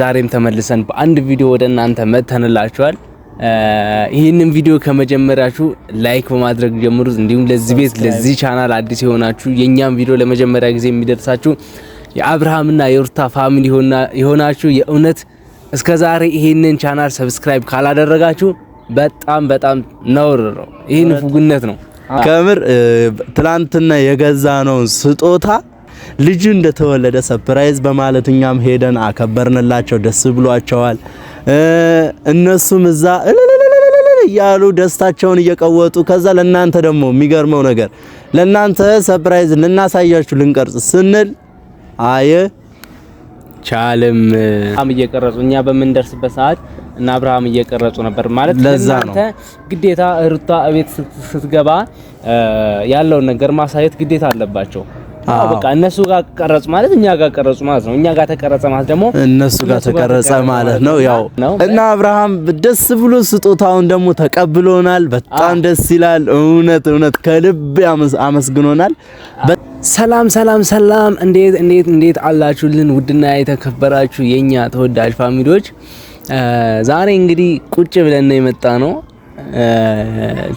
ዛሬም ተመልሰን በአንድ ቪዲዮ ወደ እናንተ መጥተንላችኋል። ይህንን ቪዲዮ ከመጀመሪያችሁ ላይክ በማድረግ ጀምሩት። እንዲሁም ለዚህ ቤት ለዚህ ቻናል አዲስ የሆናችሁ የእኛም ቪዲዮ ለመጀመሪያ ጊዜ የሚደርሳችሁ የአብርሃምና የሩታ ፋሚሊ የሆናችሁ የእውነት እስከ ዛሬ ይህንን ቻናል ሰብስክራይብ ካላደረጋችሁ በጣም በጣም ነውር ነው። ይህን ፉግነት ነው። ከምር ትላንትና የገዛ ነውን ስጦታ ልጁ እንደተወለደ ሰርፕራይዝ በማለት እኛም ሄደን አከበርንላቸው። ደስ ብሏቸዋል። እነሱም እዛ እያሉ ደስታቸውን እየቀወጡ ከዛ ለናንተ ደግሞ የሚገርመው ነገር ለናንተ ሰርፕራይዝ ልናሳያችሁ ልንቀርጽ ስንል አየ ቻልም አብርሃም እየቀረጹ እኛ በምንደርስበት ሰዓት እና አብርሃም እየቀረጹ ነበር ማለት ለዛ ነው። ግዴታ እርቷ ቤት ስትገባ ያለውን ነገር ማሳየት ግዴታ አለባቸው። በቃ እነሱ ጋር ቀረጹ ማለት እኛ ጋር ቀረጹ ማለት ነው። እኛ ጋር ተቀረጸ ማለት ደግሞ እነሱ ጋር ተቀረጸ ማለት ነው። ያው እና አብርሃም ደስ ብሎ ስጦታውን ደግሞ ተቀብሎናል። በጣም ደስ ይላል። እውነት እውነት ከልብ አመስግኖናል። ሰላም ሰላም ሰላም፣ እንዴት እንዴት እንዴት አላችሁልን? ውድና የተከበራችሁ የኛ ተወዳጅ ፋሚሊዎች ዛሬ እንግዲህ ቁጭ ብለን የመጣ ነው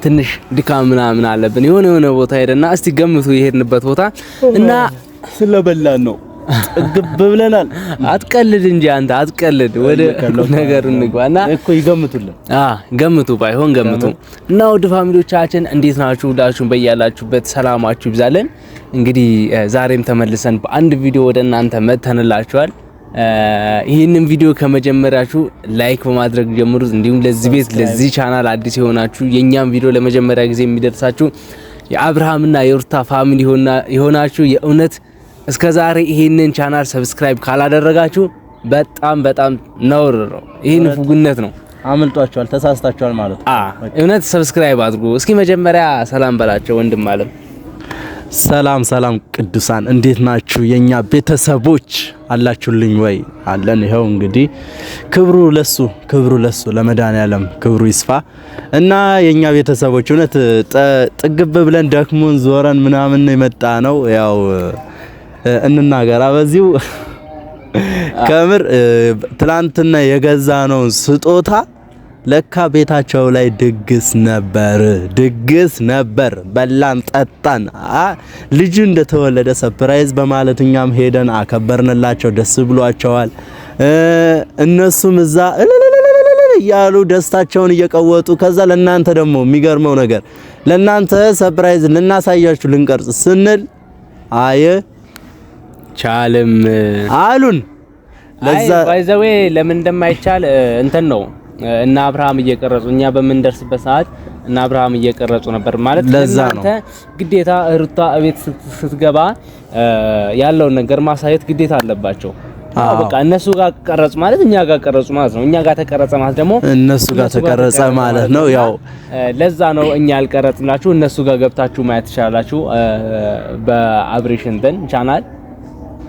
ትንሽ ድካም ምናምን አለብን። የሆነ የሆነ ቦታ ሄደና እስቲ ገምቱ የሄድንበት ቦታ እና ስለበላን ነው ጥግብ ብለናል። አትቀልድ እንጂ አንተ አትቀልድ። ወደ ነገር እንግባና እኮ ይገምቱልን። አዎ ገምቱ፣ ባይሆን ገምቱ። እና ወደ ፋሚሊዎቻችን እንዴት ናችሁ? ሁላችሁም በያላችሁበት ሰላማችሁ ይብዛልን። እንግዲህ ዛሬም ተመልሰን በአንድ ቪዲዮ ወደ እናንተ መተንላችኋል። ይህንን ቪዲዮ ከመጀመሪያችሁ ላይክ በማድረግ ጀምሩ። እንዲሁም ለዚህ ቤት ለዚህ ቻናል አዲስ የሆናችሁ የእኛም ቪዲዮ ለመጀመሪያ ጊዜ የሚደርሳችሁ የአብርሃምና የሩታ ፋሚሊ የሆናችሁ የእውነት እስከ ዛሬ ይህንን ቻናል ሰብስክራይብ ካላደረጋችሁ በጣም በጣም ነውር ነው። ይህን ፉግነት ነው። አምልጧቸዋል፣ ተሳስታቸዋል ማለት ነው። እውነት ሰብስክራይብ አድርጉ። እስኪ መጀመሪያ ሰላም በላቸው ወንድም አለም ሰላም ሰላም ቅዱሳን እንዴት ናችሁ? የኛ ቤተሰቦች አላችሁልኝ ወይ? አለን። ይኸው እንግዲህ ክብሩ ለሱ ክብሩ ለሱ ለመድኃኔዓለም ክብሩ ይስፋ እና የኛ ቤተሰቦች እውነት ጥግብ ብለን ደክሞን ዞረን ምናምን የመጣ ነው። ያው እንናገራ በዚሁ ከምር ትላንትና የገዛ ነው ስጦታ ለካ ቤታቸው ላይ ድግስ ነበር፣ ድግስ ነበር። በላን ጠጣን። ልጅ እንደተወለደ ሰርፕራይዝ በማለት እኛም ሄደን አከበርንላቸው። ደስ ብሏቸዋል። እነሱም እዛ እያሉ ደስታቸውን እየቀወጡ ከዛ ለናንተ ደግሞ የሚገርመው ነገር ለናንተ ሰርፕራይዝ ልናሳያችሁ ልንቀርጽ ስንል አየ ቻልም አሉን። ለዛ ባይዘዌ ለምን እንደማይቻል እንትን ነው እና አብርሃም እየቀረጹ እኛ በምንደርስበት ሰዓት እና አብርሃም እየቀረጹ ነበር ማለት ለእናንተ ግዴታ ሩታ እቤት ስትገባ ያለውን ነገር ማሳየት ግዴታ አለባቸው። በቃ እነሱ ጋር ቀረጹ ማለት እኛ ጋር ቀረጹ ማለት ነው። እኛ ጋር ተቀረጸ ማለት ደግሞ እነሱ ጋር ተቀረጸ ማለት ነው። ያው ለዛ ነው እኛ ያልቀረጽላችሁ እነሱ ጋር ገብታችሁ ማየት ትችላላችሁ በአብሬሽን ቻናል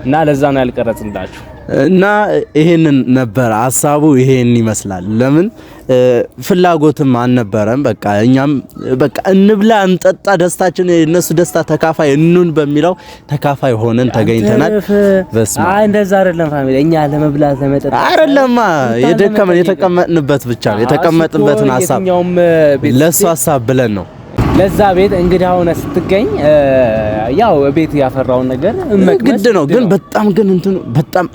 እና ለዛ ነው ያልቀረጽንላችሁ። እና ይሄንን ነበር ሀሳቡ። ይሄን ይመስላል። ለምን ፍላጎትም አልነበረም። በቃ እኛም በቃ እንብላ፣ እንጠጣ፣ ደስታችን የነሱ ደስታ ተካፋይ እኑን በሚለው ተካፋይ ሆነን ተገኝተናል። በስማ እንደዛ አይደለም ፋሚሊ፣ እኛ ለመብላት ለመጠጣት አይደለማ የደከመን የተቀመጥንበት ብቻ የተቀመጥንበትን ሀሳብ ለሱ ሀሳብ ብለን ነው ለዛ ቤት እንግዳ ሆነ ስትገኝ ያው ቤት ያፈራውን ነገር ግድ ነው። ግን በጣም ግን እንት በጣም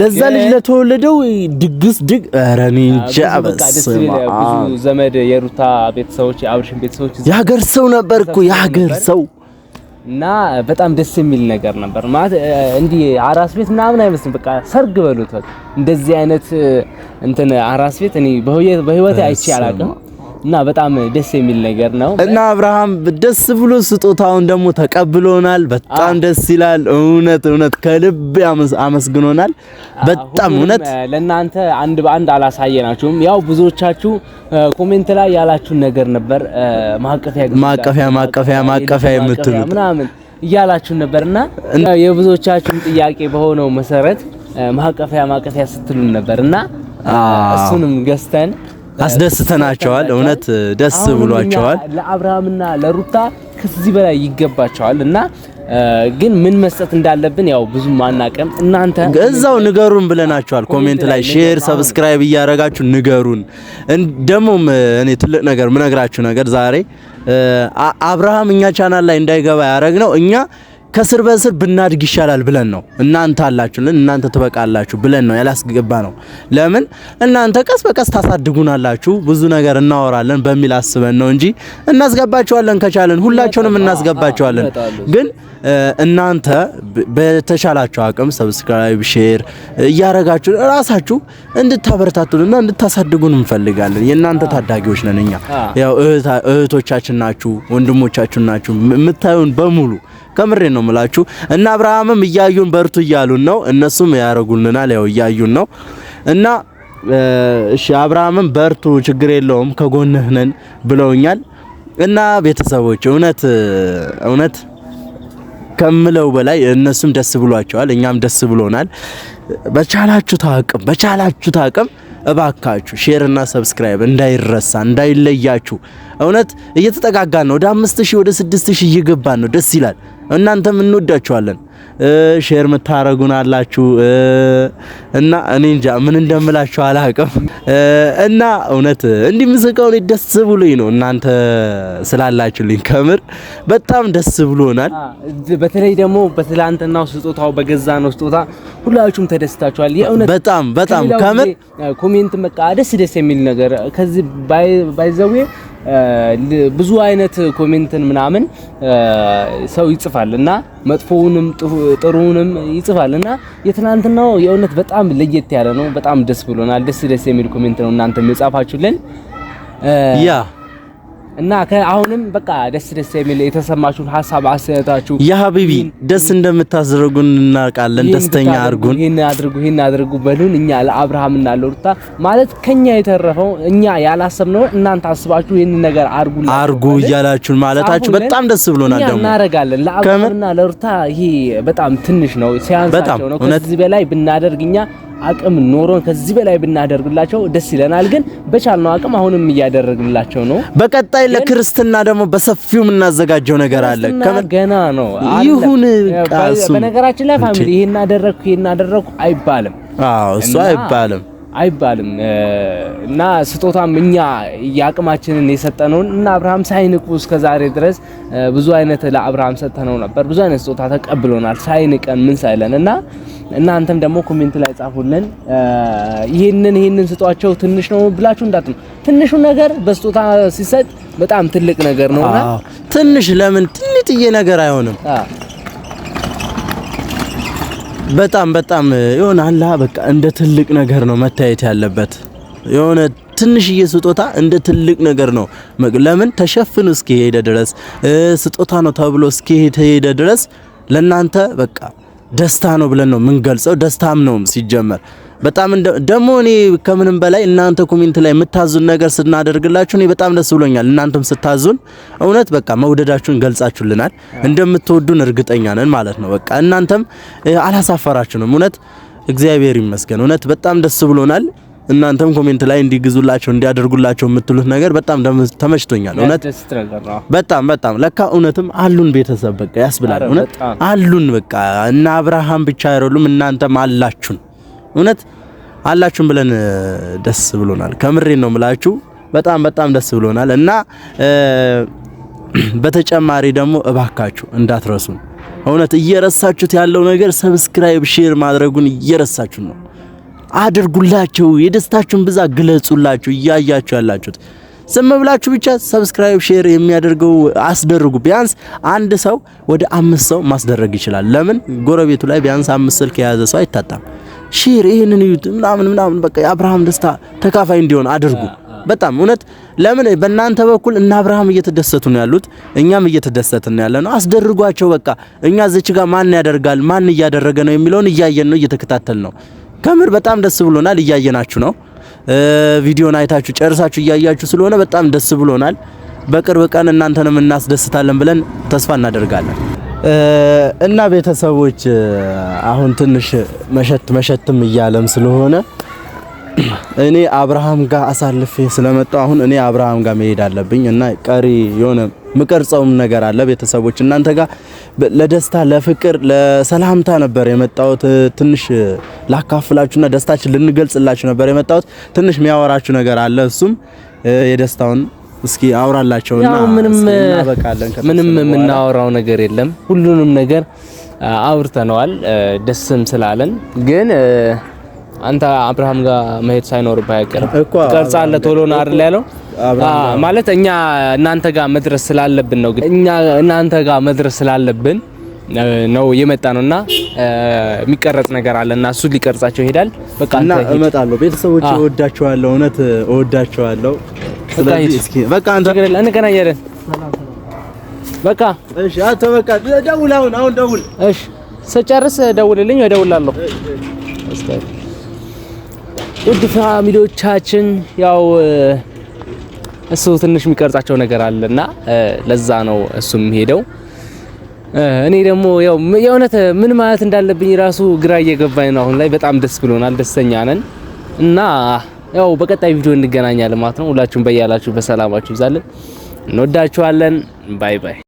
ለዛ ልጅ ለተወለደው ድግስ ድግ ረኒንጃ ብዙ ዘመድ የሩታ ቤተሰቦች የአብርሽን ቤተሰቦች የሀገር ሰው ነበር እኮ የሀገር ሰው እና በጣም ደስ የሚል ነገር ነበር። ማለት እንዲህ አራስ ቤት ምናምን አይመስልም። በቃ ሰርግ በሉት እንደዚህ አይነት እንትን አራስ ቤት እኔ በህይወቴ አይቼ አላውቅም። እና በጣም ደስ የሚል ነገር ነው እና አብርሃም ደስ ብሎ ስጦታውን ደግሞ ተቀብሎናል። በጣም ደስ ይላል። እውነት እውነት ከልብ አመስግኖናል። በጣም እውነት ለእናንተ አንድ በአንድ አላሳየናችሁም። ያው ብዙዎቻችሁ ኮሜንት ላይ ያላችሁን ነገር ነበር ማቀፊያ ማቀፊያ ማቀፊያ ማቀፊያ የምትሉት ምናምን እያላችሁ ነበርና የብዙዎቻችሁን ጥያቄ በሆነው መሰረት ማቀፊያ ማቀፊያ ስትሉን ነበርና እሱንም ገዝተን አስደስተናቸዋል። እውነት ደስ ብሏቸዋል። ለአብርሃምና ለሩታ ከዚህ በላይ ይገባቸዋል እና ግን ምን መስጠት እንዳለብን ያው ብዙ ማናቀም እናንተ እዛው ንገሩን ብለናቸዋል። ኮሜንት ላይ ሼር፣ ሰብስክራይብ እያረጋችሁ ንገሩን። ደግሞም እኔ ትልቅ ነገር ምነግራችሁ ነገር ዛሬ አብርሃም እኛ ቻናል ላይ እንዳይገባ ነው። እኛ ከስር በስር ብናድግ ይሻላል ብለን ነው እናንተ አላችሁልን እናንተ ትበቃላችሁ ብለን ነው ያላስገባ ነው። ለምን እናንተ ቀስ በቀስ ታሳድጉናላችሁ ብዙ ነገር እናወራለን በሚል አስበን ነው እንጂ እናስገባቸዋለን፣ ከቻለን ሁላቸውንም እናስገባቸዋለን። ግን እናንተ በተሻላችሁ አቅም ሰብስክራይብ፣ ሼር እያረጋችሁ ራሳችሁ እንድታበረታቱንና እንድታሳድጉን እንፈልጋለን። የእናንተ ታዳጊዎች ነን እኛ። ያው እህቶቻችን ናችሁ፣ ወንድሞቻችን ናችሁ የምታዩን በሙሉ ከምሬ ነው የምላችሁ። እና አብርሃምም እያዩን በርቱ እያሉን ነው፣ እነሱም ያደርጉልናል ያው እያዩን ነው እና እሺ አብርሃምም በርቱ፣ ችግር የለውም ከጎንህ ነን ብለውኛል። እና ቤተሰቦች እውነት እውነት ከምለው በላይ እነሱም ደስ ብሏቸዋል፣ እኛም ደስ ብሎናል። በቻላችሁ ታቅም በቻላችሁ ታቅም እባካችሁ ሼርና ሰብስክራይብ እንዳይረሳ እንዳይለያችሁ። እውነት እየተጠጋጋን ነው። ወደ 5000 ወደ 6000 ሺህ እየገባን ነው። ደስ ይላል። እናንተም እንወዳችኋለን። ሼር የምታረጉን አላችሁ እና እኔ እንጃ ምን እንደምላችሁ አላውቅም። እና እውነት እንዲህ ምስቀው ደስ ብሎኝ ነው እናንተ ስላላችሁልኝ፣ ከምር በጣም ደስ ብሎናል። በተለይ ደግሞ በትላንትናው ስጦታው በገዛ ነው ስጦታ ሁላችሁም ተደስታችኋል። የእውነት በጣም በጣም ከምር ኮሜንት መቃ ደስ ደስ የሚል ነገር ከዚህ ባይዘዌ ብዙ አይነት ኮሜንትን ምናምን ሰው ይጽፋል እና መጥፎውንም ጥሩውንም ይጽፋል እና የትናንትናው የእውነት በጣም ለየት ያለ ነው። በጣም ደስ ብሎናል። ደስ ደስ የሚል ኮሜንት ነው እናንተም የጻፋችሁልን ያ እና አሁንም በቃ ደስ ደስ የሚል የተሰማችሁን ሀሳብ አስተያየታችሁ ያ ሀቢቢ ደስ እንደምታደርጉን እናውቃለን። ደስተኛ አድርጉን፣ ይሄን አድርጉ፣ ይሄን አድርጉ በሉን። እኛ ለአብርሃም እና ለሩታ ማለት ከኛ የተረፈው እኛ ያላሰብነው እናንተ አስባችሁ ይሄን ነገር አድርጉ አድርጉ እያላችሁን ማለታችሁ በጣም ደስ ብሎናል። ደግሞ እናደርጋለን። ለአብርሃም እና ለሩታ ይሄ በጣም ትንሽ ነው፣ ሲያንሳቸው ነው። ከዚህ በላይ ብናደርግ እኛ አቅም ኖሮን ከዚህ በላይ ብናደርግላቸው ደስ ይለናል። ግን በቻልነው አቅም አሁንም እያደረግንላቸው ነው። በቀጣይ ለክርስትና ደግሞ በሰፊው የምናዘጋጀው ነገር አለ። ገና ነው ይሁን በነገራችን ላይ ፋሚሊ ይሄን አደረግኩ ይሄን አደረግኩ አይባልም። አዎ እሱ አይባልም። አይባልም እና ስጦታም እኛ የአቅማችንን የሰጠነውን እና አብርሃም ሳይንቁ እስከ ዛሬ ድረስ ብዙ አይነት ለአብርሃም ሰጥተነው ነበር። ብዙ አይነት ስጦታ ተቀብሎናል ሳይንቀን ምን ሳይለን እና እናንተም ደግሞ ኮሜንት ላይ ጻፉልን። ይህንን ይህንን ስጧቸው ትንሽ ነው ብላችሁ እንዳት ነው ትንሹ ነገር በስጦታ ሲሰጥ በጣም ትልቅ ነገር ነው። ትንሽ ለምን ትንጥዬ ነገር አይሆንም። በጣም በጣም የሆነ አላ በቃ እንደ ትልቅ ነገር ነው መታየት ያለበት። የሆነ ትንሽዬ ስጦታ እንደ ትልቅ ነገር ነው። ለምን ተሸፍኑ እስኪሄደ ድረስ ስጦታ ነው ተብሎ እስኪሄደ ድረስ ለእናንተ በቃ ደስታ ነው ብለን ነው የምንገልጸው። ደስታም ነውም ሲጀመር በጣም ደግሞ እኔ ከምንም በላይ እናንተ ኮሜንት ላይ የምታዙን ነገር ስናደርግላችሁ እኔ በጣም ደስ ብሎኛል። እናንተም ስታዙን እውነት በቃ መውደዳችሁን ገልጻችሁልናል። እንደምትወዱን እርግጠኛ ነን ማለት ነው። በቃ እናንተም አላሳፈራችሁንም። እውነት እግዚአብሔር ይመስገን። እውነት በጣም ደስ ብሎናል። እናንተም ኮሜንት ላይ እንዲግዙላቸው እንዲያደርጉላቸው የምትሉት ነገር በጣም ተመችቶኛል። እውነት በጣም በጣም ለካ እውነትም አሉን ቤተሰብ በቃ ያስብላል። እውነት አሉን በቃ እና አብርሃም ብቻ አይደሉም እናንተም አላችሁን። እውነት አላችሁም ብለን ደስ ብሎናል። ከምሬን ነው ምላችሁ። በጣም በጣም ደስ ብሎናል እና በተጨማሪ ደግሞ እባካችሁ እንዳትረሱ። እውነት እየረሳችሁት ያለው ነገር ሰብስክራይብ፣ ሼር ማድረጉን እየረሳችሁ ነው። አድርጉላቸው፣ የደስታችሁን ብዛት ግለጹላችሁ። እያያችሁ ያላችሁት ዝም ብላችሁ ብቻ ሰብስክራይብ ሼር የሚያደርገው አስደርጉ። ቢያንስ አንድ ሰው ወደ አምስት ሰው ማስደረግ ይችላል። ለምን ጎረቤቱ ላይ ቢያንስ አምስት ስልክ የያዘ ሰው አይታጣም። ሼር ይሄንን እዩት ምናምን ምናምን በቃ የአብርሃም ደስታ ተካፋይ እንዲሆን አድርጉ። በጣም እውነት ለምን በእናንተ በኩል እና አብርሃም እየተደሰቱ ነው ያሉት፣ እኛም እየተደሰትን ያለ ነው። አስደርጓቸው በቃ እኛ እዚች ጋር ማን ያደርጋል ማን እያደረገ ነው የሚለውን እያየን ነው እየተከታተል ነው። ከምር በጣም ደስ ብሎናል። እያየናችሁ ነው። ቪዲዮን አይታችሁ ጨርሳችሁ እያያችሁ ስለሆነ በጣም ደስ ብሎናል። በቅርብ ቀን እናንተንም እናስደስታለን ብለን ተስፋ እናደርጋለን። እና ቤተሰቦች አሁን ትንሽ መሸት መሸትም እያለም ስለሆነ እኔ አብርሃም ጋር አሳልፌ ስለመጣሁ አሁን እኔ አብርሃም ጋር መሄድ አለብኝ እና ቀሪ የሆነ ምቀርጸውም ነገር አለ። ቤተሰቦች እናንተ ጋር ለደስታ ለፍቅር፣ ለሰላምታ ነበር የመጣሁት። ትንሽ ላካፍላችሁና ደስታችን ልንገልጽላችሁ ነበር የመጣሁት። ትንሽ የሚያወራችሁ ነገር አለ። እሱም የደስታውን እስኪ አውራላቸው እና ምንም ምንም የምናወራው ነገር የለም። ሁሉንም ነገር አውርተነዋል። ደስም ስላለን ግን አንተ አብርሃም ጋር መሄድ ሳይኖርብህ አይቀርም። ቀርጻለህ ቶሎ ነው አይደል ያለው? ማለት እኛ እናንተ ጋር መድረስ ስላለብን ነው እኛ እናንተ ጋር መድረስ ስላለብን ነው የመጣ ነውና የሚቀረጽ ነገር አለ እና እሱ ሊቀርጻቸው ይሄዳል። በቃ እና እመጣለሁ። ቤተሰቦች እወዳቸዋለሁ፣ እውነት እወዳቸዋለሁ። በቃ እንገናኛለን። በቃ እሺ፣ አንተ በቃ ደውል፣ አሁን አሁን ደውል። እሺ፣ ስጨርስ ደውልልኝ፣ እደውላለሁ። ውድ ፋሚሊዎቻችን ያው እሱ ትንሽ የሚቀርጻቸው ነገር አለና ለዛ ነው እሱ የሚሄደው። እኔ ደግሞ ያው የእውነት ምን ማለት እንዳለብኝ ራሱ ግራ እየገባኝ ነው። አሁን ላይ በጣም ደስ ብሎናል፣ ደስተኛ ነን እና ያው በቀጣይ ቪዲዮ እንገናኛለን ማለት ነው። ሁላችሁም በያላችሁ በሰላማችሁ ይብዛልን። እንወዳችኋለን። ባይ ባይ።